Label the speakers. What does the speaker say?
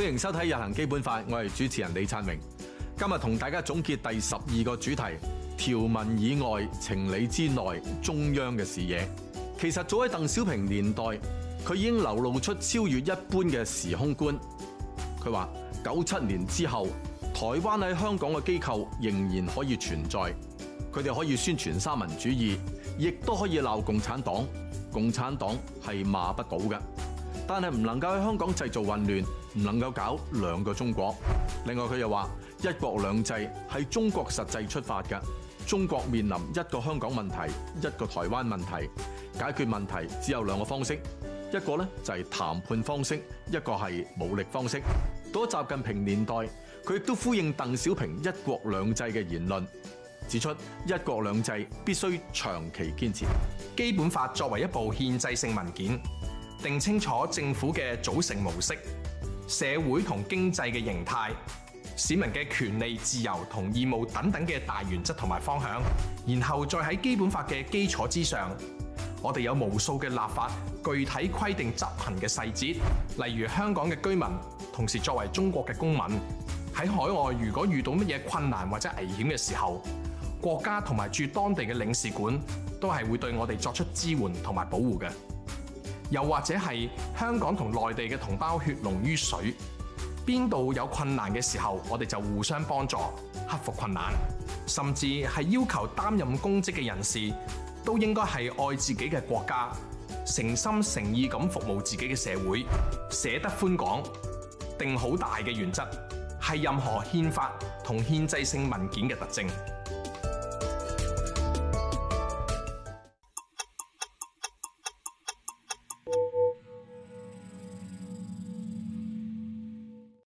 Speaker 1: 歡迎收睇《日行基本法》，我係主持人李燦榮。今日同大家總結第十二個主題：條文以外，情理之內，中央嘅視野。其實早喺鄧小平年代，佢已經流露出超越一般嘅時空觀。佢話九七年之後，台灣喺香港嘅機構仍然可以存在，佢哋可以宣傳三民主義，亦都可以鬧共產黨。共產黨係罵不到嘅。但係唔能夠喺香港製造混亂，唔能夠搞兩個中國。另外佢又話：一國兩制係中國實際出發嘅，中國面臨一個香港問題、一個台灣問題，解決問題只有兩個方式，一個咧就係談判方式，一個係武力方式。到咗習近平年代，佢亦都呼應鄧小平一國兩制嘅言論，指出一國兩制必須長期堅持。基本法作為一部憲制性文件，定清楚政府嘅組
Speaker 2: 成模式、社會同經濟嘅形態、市民嘅權利、自由同義務等等嘅大原則同埋方向，然後再喺基本法嘅基礎之上，我哋有無數嘅立法，具體規定執行嘅細節。例如香港嘅居民，同時作為中國嘅公民，喺海外如果遇到乜嘢困難或者危險嘅時候，國家同埋駐當地嘅領事館都係會對我哋作出支援同埋保護嘅。又或者係香港同內地嘅同胞血濃於水，邊度有困難嘅時候，我哋就互相幫助，克服困難。甚至係要求擔任公職嘅人士，都應該係愛自己嘅國家，誠心誠意咁服務自己嘅社會，寫得寬廣，定好大嘅原則，係任何憲法同憲制性文件嘅特徵。